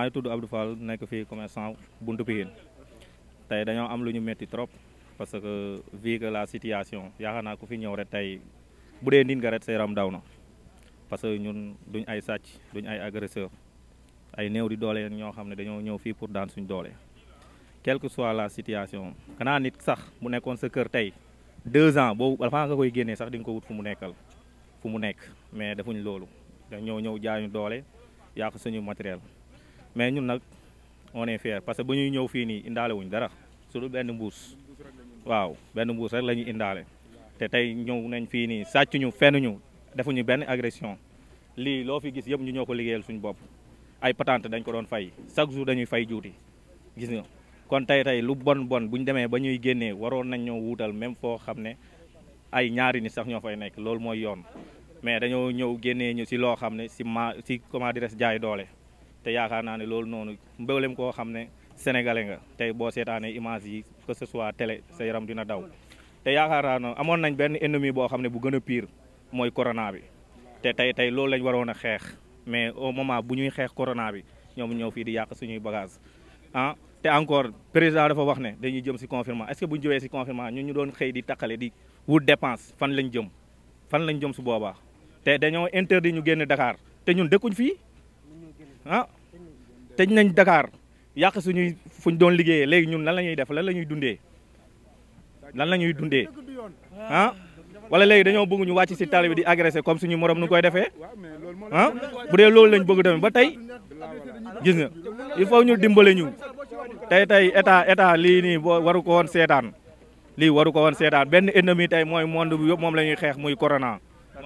maa ngi tudd Abdou Fall nekk fii commerçant buntu Pikine tey dañoo am lu ñu métti trop parce que vu que la situation yaakaar naa ku fi ñëw rek tey bu dee nit nga rek sa daw na parce que ñun duñ ay sàcc duñ ay agresseur ay néew di doole ñoo xam ne dañoo ñëw fii pour daan suñ doole quelle que soit la situation kanaan nit sax mu nekkoon sa kër tey deux ans boobu avant nga koy génnee sax di ko wut fu mu nekkal fu mu nekk mais defuñ loolu dañoo ñëw jaañu doole yàq suñu matériel mais ñun nag on est parce que bu ñuy ñëw fii nii indaale wuñ dara su benn mbuus waaw benn mbuus rek la ñuy indaale te tey ñëw nañ fii nii sàcc ñu fenn ñu defuñu benn agression lii loo fi gis yëpp ñu ñoo ko liggéeyal suñu bopp ay patente dañ ko doon fay chaque jour dañuy fay juuti gis nga kon tey tey lu bon bon bu ñu demee ba ñuy génnee waroon nañ ñoo wuutal même foo xam ne ay ñaari ni sax ñoo fay nekk loolu mooy yoon mais dañoo ñëw génnee ñu si loo xam ne si ma si comment dirais jaay doole te yaakaar naa ne loolu noonu mbéwlem koo xam ne sénégalais nga tey boo seetaanee image yi que ce soit télé sa yaram dina daw te yaakaar naa ne amoon nañ benn ennemi boo xam ne bu gën a pire mooy corona bi te tey tey loolu lañ waroon a xeex mais au moment bu ñuy xeex corona bi ñoom ñëw fii di yàq suñuy bagage ah te encore président dafa wax ne dañuy jëm si confinement est-ce que bu jëwee si confinement ñun ñu doon xëy di taqale di wut dépense fan lañ jëm fan lañ jëm su boobaa te dañoo interdit ñu génn Dakar te ñun dëkkuñ fii ah tëj nañ Dakar yàq suñuy fuñ doon liggéeyee léegi ñun lan la ñuy def lan la ñuy dundee lan la ñuy dundee ah wala léegi dañoo bëgg ñu wàcc si tali bi di agressé comme suñu moroom nu koy defee ah bu dee loolu lañ bëgg tamit ba tey gis nga il faut ñu dimbale ñu tey tey état état lii nii boo waru ko woon seetaan lii waru ko woon seetaan benn ennemi tey mooy monde bi yëpp moom la xeex muy corona.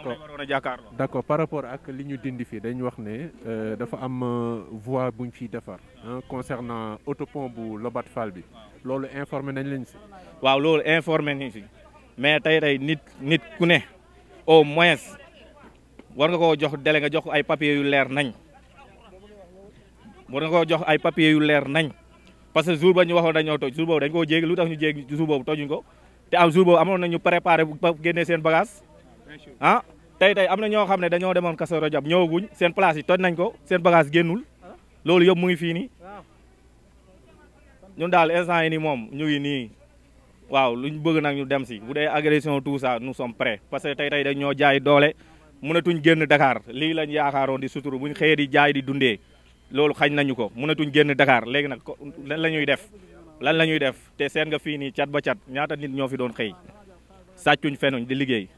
d'accord d' accord par rapport ak li ñu dindi fii dañ wax ne euh, dafa am euh, voie buñ fi defar concernant autopont bu Lobat Fall bi loolu informé nañ leen si waaw loolu informé nañ si mais tey tey nit nit ku ne au moins war nga koo jox délai nga jox ay papier yu leer nañ war nga koo jox ay papier yu leer nañ parce que jour ba ñu waxoon dañoo toj jour boobu dañ koo jéegi lu tax ñu jéegi jour boobu tojuñ ko te am jour boobu amoon nañu préparé ba génnee seen bagage ah tey tey am na ñoo xam ne dañoo demoon Kazu Rajab ñëwaguñ seen place yi toj nañ ko seen bagage génnul loolu yëpp mu ngi fii nii ñun daal instant yi nii moom ñu ngi nii waaw ñu bëgg nag ñu dem si bu dee agression tout ça nu sommes prêts parce que tey tey dañ ñoo jaay doole mënatuñ génn Dakar lii lañ yaakaaroon di suturu buñ xëyee di jaay di dundee loolu xañ nañu ko mënatuñ génn dakaar léegi nag lan la ñuy def lan la ñuy def te seen nga fii nii cat ba cat ñaata nit ñoo fi doon xëy sàccuñ fenuñ di liggéey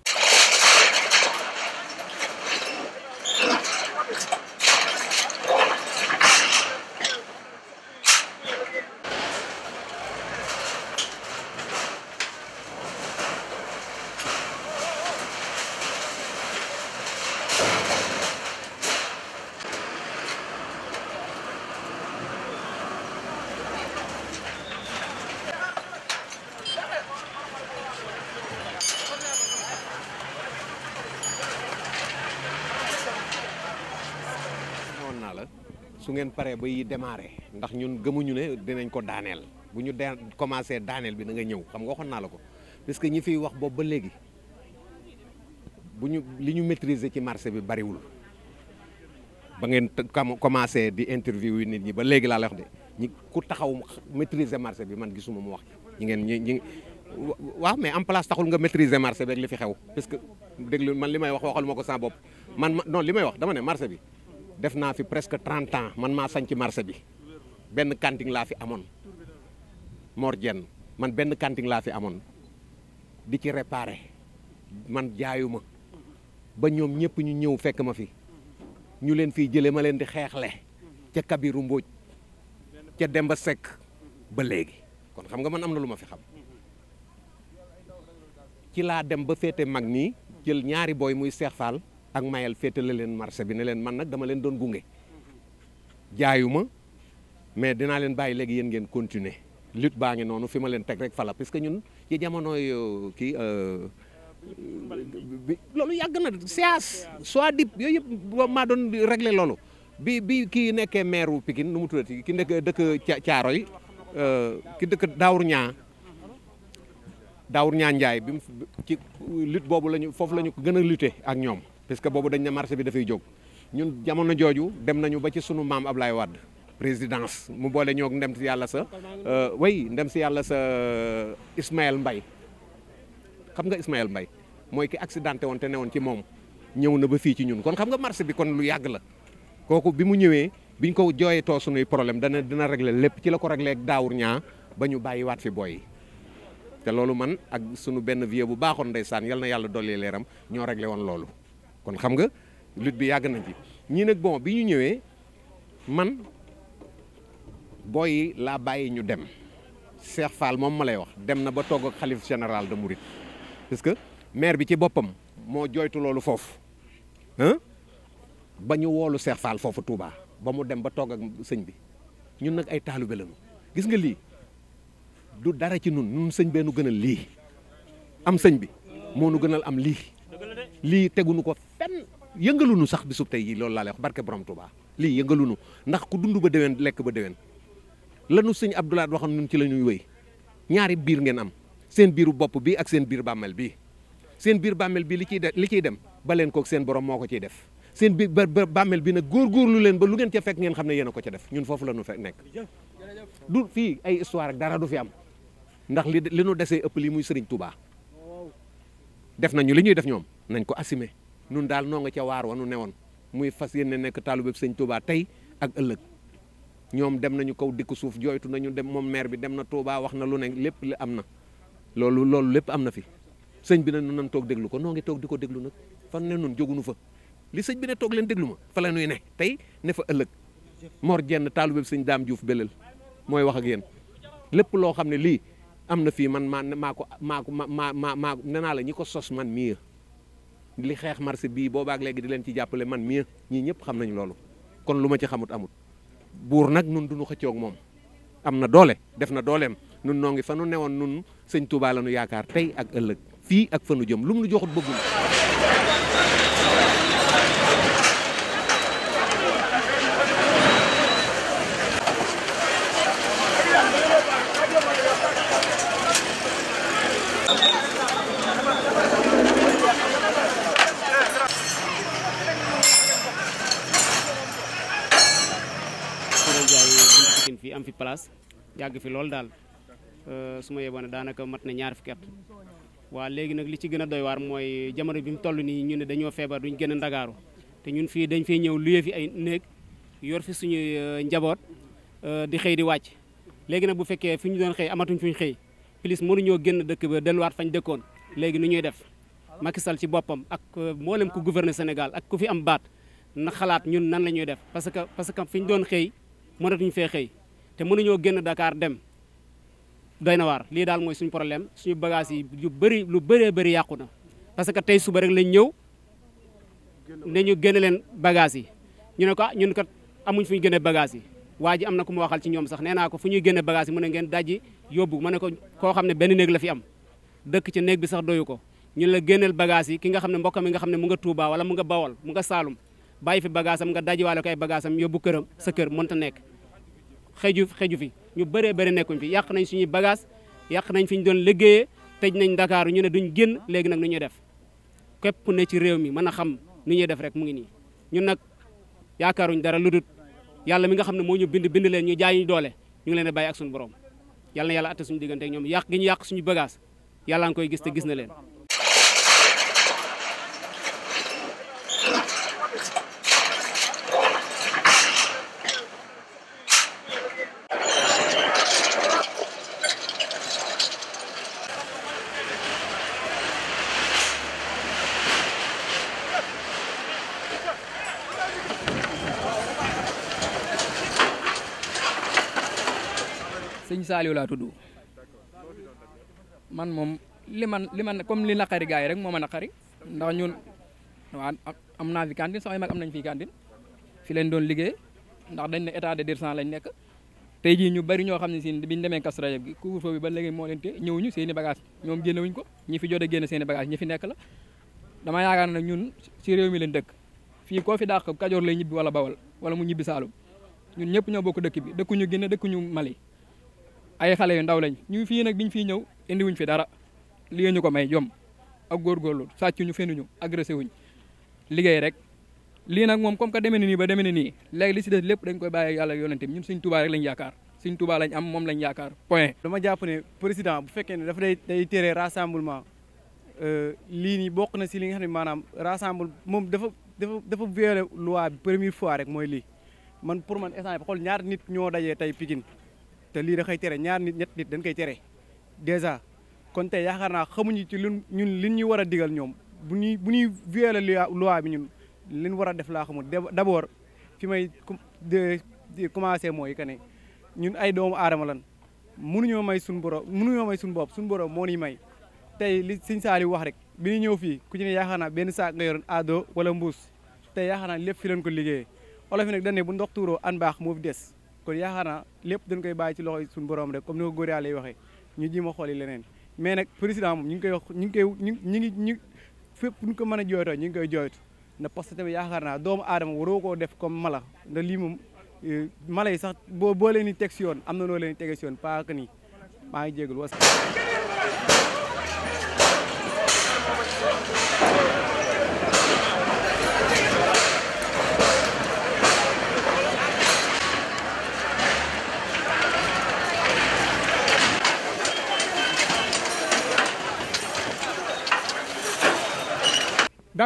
su ngeen paree ba yi démarré ndax ñun gëmuñu ne dinañ ko daaneel bu ñu de commencé daaneel bi na nga ñëw xam nga waxoon naa la ko parce que ñi fiy wax boobu ba léegi bu ñu li ñu maîtriser ci marché bi bariwul ba ngeen commencé di interview yi nit ñi ba léegi laa la wax de ñi ku taxaw maîtriser marché bi man gisuma mu wax ñi ngeen ñi ñi waaw mais en place taxul nga maîtriser marché bi ak li fi xew parce que déglu man li may wax waxal ma ko saa bopp man non li may wax dama ne bi def naa fi presque trente ans man maa sañ ci marché bi benn kanting laa fi amoon Mor Dieng man benn kanting laa fi amoon di ci réparé man jaayuma ba ñoom ñëpp ñu ñëw fekk ma fi ñu leen fii jëlee ma leen di xeexle ca Kabiru Mbóoj ca dem ba Seck ba léegi kon xam nga man am na lu ma fi xam ci laa dem ba féete mag nii jël ñaari booy muy Seex Faal ak mayal féetale leen marché bi ne leen man nag dama leen doon gunge jaayuma mais dinaa leen bàyyi léegi yéen ngeen continuer lutte baa ngi noonu fi ma leen teg rek fala parce que ñun ci jamonooy euh, kii euh, loolu yàgg na séas soit dip yooyu yëpp maa doon régler loolu bi bi kii nekkee maire wu Pikine nu mu tuddati ki nekk dëkk Caaroy euh, ki dëkk Daawur Ñaa Daawur Ñaa Njaay bi ci lutte boobu lañu foofu la ñu gën a lutter ak ñoom parce que boobu dañ ne marché bi dafay jóg ñun jamono jooju dem nañu ba ci sunu maam laay Wade présidence mu boole ñoo ndem si yàlla sa way euh, ndem si yàlla sa euh, Ismaël Mbaye xam nga Ismaël mbay mooy ki accidenté woon te woon ci moom ñëw na ba fii ci ñun kon xam nga marché bi kon lu yàgg la kooku bi mu ñëwee ñu ko too sunuy problème dana dina régler lépp ci la ko régler ak daawur ñaa ba ñu bàyyiwaat fi booy yi te loolu man ak sunu benn vieux bu baaxoon ndeysaan yal na yàlla dolli leeram ñoo réglé woon loolu kon xam nga lutte bi yàgg nañ ci ñii nag bon bi ñu ñëwee man booy yi laa bàyyi ñu dem Cheikh Fall moom ma lay wax dem na ba togg ak xalif général de Mouride parce que maire bi ci boppam moo jooytu loolu foofu ba ñu woolu Cheikh Fall foofu tuubaa ba mu dem ba togg ak sëñ bi ñun nag ay taalibe lañu gis nga lii du dara ci nun nun sëñ bee nu gënal lii am sëñ bi moo nu gënal am lii lii teguñu ko fenn yëngalunu sax bisub tey jii loolu laa lay wax barke borom tubaa lii yëngalunu ndax ku dund ba déwén lekk ba déwén lanu sëñ Abdoulaye waxoon ñun ci la ñuy wéy ñaari biir ngeen am seen biiru bopp bi ak seen biir bàmmel bi seen biir bàmmel bi li ciy de li ciy dem ba leen kook seen borom moo ko ciy def seen biir ba bàmmel bi nag góor góorgóorlu leen ba lu ngeen ca fekk ngeen xam ne yéen ko ca def ñun foofu la ñu fekk nekk du fii ay histoire dara du fi am ndax li li desee ëpp li muy sëriñ Touba def nañu li ñuy def ñoom nañ ko assumer nun daal noo nga ca waar ne woon muy fas yéene nekk taalube sëñ Touba tey ak ëllëg ñoom dem nañu kaw dikk suuf jooytu nañu dem moom maire bi dem na Touba wax na lu ne lépp li am na loolu loolu lépp am na fi sëñ bi ne nun nan toog déglu ko noo ngi toog di ko déglu nag fan ne nun jógunu fa li sëñ bi ne toog leen déglu ma fa la nuy ne tey ne fa ëllëg Mor Jenn taalube sëñ Daam Diouf Belel mooy wax ak yéen lépp am na fii man man maa ko maa ma ma maa nee naa la ñi ko sos man mii li xeex marché bii boobaak léegi di leen ci jàppale man mii ñii ñëpp xam nañ loolu kon lu ma ci xamut amut buur nag nun duñu xëccoog moom am na doole def na dooleem nun noo fa nu newoon nun sëñ Touba la yaakaar tey ak ëllëg fii ak fa nu jëm lu mu nu joxut bëggul yàgg fi loolu daal euh, su ma yeboone daanaka mat na ñaar fukki at waa léegi nag li ci gën a doy waar mooy jamono bi mu toll nii ñu ne dañoo feebar duñ gën a ndagaaru te ñun fii dañ fay ñëw luye fi ay néeg yor fi suñuy euh, njaboot euh, di xëy di wàcc léegi nag bu fekkee fu ñu doon xëy amatuñ fuñ xëy plus mënuñoo génn dëkk ba delluwaat fañ dëkkoon léegi nu ñuy def Macky Sall ci boppam ak mboolem ku gouverner Sénégal ak ku fi am baat na xalaat ñun nan la ñuy def parce que parce ñu doon xëy mënatuñ fee xëy te mënuñoo génn dakaar dem doy na waar lii daal mooy suñu problème suñu bagages yi yu bëri lu bëree bëri yàqu na parce que tey suba rek lañ ñëw ne ñu génne leen bagages yi ñu ne ko ah ñun kat amuñ fu ñu génne bagages yi waa ji am na ku mu waxal ci ñoom sax nee naa ko fu ñuy génne bagages yi mu ne ngeen daj yóbbu ma ne ko koo xam ne benn néeg la fi am dëkk ci néeg bi sax doyu ko ñu la génneel bagages yi ki nga xam ne mbokkam mi nga xam ne mu nga Touba wala mu nga Bawol mu nga Saalum bàyyi fi bagage am nga dajiwaale ko ay bagage am yóbbu këram sa kër mënta nekk xeju xeju fi ñu bëree bëri nekkuñ fi yàq nañ suñuy bagage yàq nañ fi ñu doon liggéeyee tëj nañ Dakar ñu ne duñ génn léegi nag nu def képp ku ne ci réew mi mën a xam nu ñuy def rek mu ngi nii ñun nag yaakaaruñ dara lu dul yàlla mi nga xam ne moo ñu bind bind leen ñu jaay ñu doole ñu ngi leen di bàyyi ak suñu borom yàlla na yàlla atte suñu diggante ñoom yàq gi ñu yàq suñu bagaas yàlla nga koy gis te gis na leen Saliou laa tudd man moom li man li man comme li naqari gars yi rek moo a naqari ndax ñun waaw am naa fi cantine samay mag am nañ fi cantine fi leen doon liggéey ndax dañ ne état de décence lañ nekk tey jii ñu bari ñoo xam ne si biñ demee Kazu Rajab gi couvre ba léegi moo leen tee ñëwuñu seen i bagage ñoom génne wuñ ko ñi fi jot a génne seen i bagage fi nekk la dama yaakaar nag ñun si réew mi leen dëkk fii koo fi dàq Kajoor lay ñibbi wala Bawol wala mu ñibbi Saalum ñun ñëpp ñoo bokk dëkk bi dëkkuñu Guinée dëkkuñu Mali ay xale yu ndaw lañ ñu fii nag biñ fii ñëw indi wuñ fi dara lii ñu ko may jom ak góorgóorlu sàcc ñu fenuñu agressé wuñ liggéey rek lii nag moom comme que demee na nii ba demee na nii léegi li si des lépp dañ koy bàyyi yàlla yonente bi ñun suñ tubaa rek lañ yaakaar suñ tubaa lañ am moom lañ yaakaar point dama jàpp ne président bu ne dafa day day tere rassemblement euh, lii nii bokk na si li nga xam ne maanaam rassemble moom dafa dafa dafa violé loi bi première fois rek mooy lii man pour man instant bi xool ñaar nit ñoo dajee tey Pikine te lii da koy tere ñaar nit ñett nit dañ koy tere dèjà kon te yaakaar naa xamuñu ci lu ñun lin ñu war a digal ñoom bu ñuy bu ñuy violer loi bi ñun lin war a def laa xamul d'abord fi may commencé mooy que ne ñun ay doomu aadama lan mënuñoo may suñu borom mënuñoo may suñu bopp suñu borom moo ñuy may tey li Sëñ Saaliw wax rek bi ñu ñëw fii ku ci ne yaakaar naa benn saak nga yoroon aado wala mbuus tey yaakaar naa lépp fi leen ko liggéeye olof yi nag dañ ne bu ndox tuuroo an baax moo des kon yaakaar naa lépp dañ koy bàyyi ci loxoy suñu borom rek comme ni ko góor yàlla yi waxee ñu ji ma xool yi leneen mais nag président moom ñu ngi koy wax ñu ngi koy ñu ñu ngi ñu fépp ñu ko mën a jooytoo ñu ngi koy jooytu na parce que tamit yaakaar naa doomu aadama waroo koo def comme mala ndax lii moom eh, mala yi sax boo boo leen di teg si yoon am na noo leen di tege si yoon pas que maa ngi jégalu was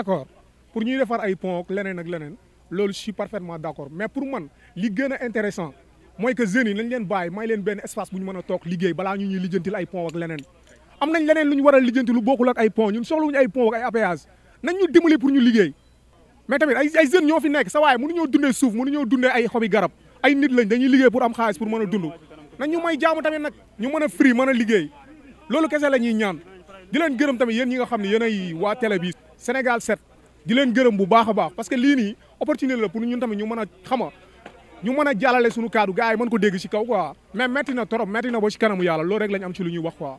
d'accord pour ñuy defar ay pont ak leneen ak leneen loolu je suis parfaitement d'accord mais pour man li gën a intéressant mooy que jeunes yi leen bàyyi may leen benn espace bu ñu mën a toog liggéey balaa ñu ñuy lijjantil ay pont lu a lijjanti lu bokkul ak ay pont ñun soxlawuñu ay pont ak ay péage nañ dimbali pour ñu liggéey mais tamit ay ay ñoo fi nekk sa waaye mënuñoo dundee suuf mënuñoo dundee ay xobi garab ay nit lañ dañuy liggéey pour am xaalis pour mën a dund nañ may jaamu di leen gërëm tamit yen ñi nga xam ne yéen ay waa télé bi Sénégal 7 di leen gërëm bu baax a baax parce que lii nii opportunité la pour ñun tamit ñu mën a xama ñu mën a jàllale suñu kaddu gars yi mën ko dégg ci kaw quoi mais métti na trop métti na ba ci kanamu yàlla loolu rek lañ am ci lu ñuy wax quoi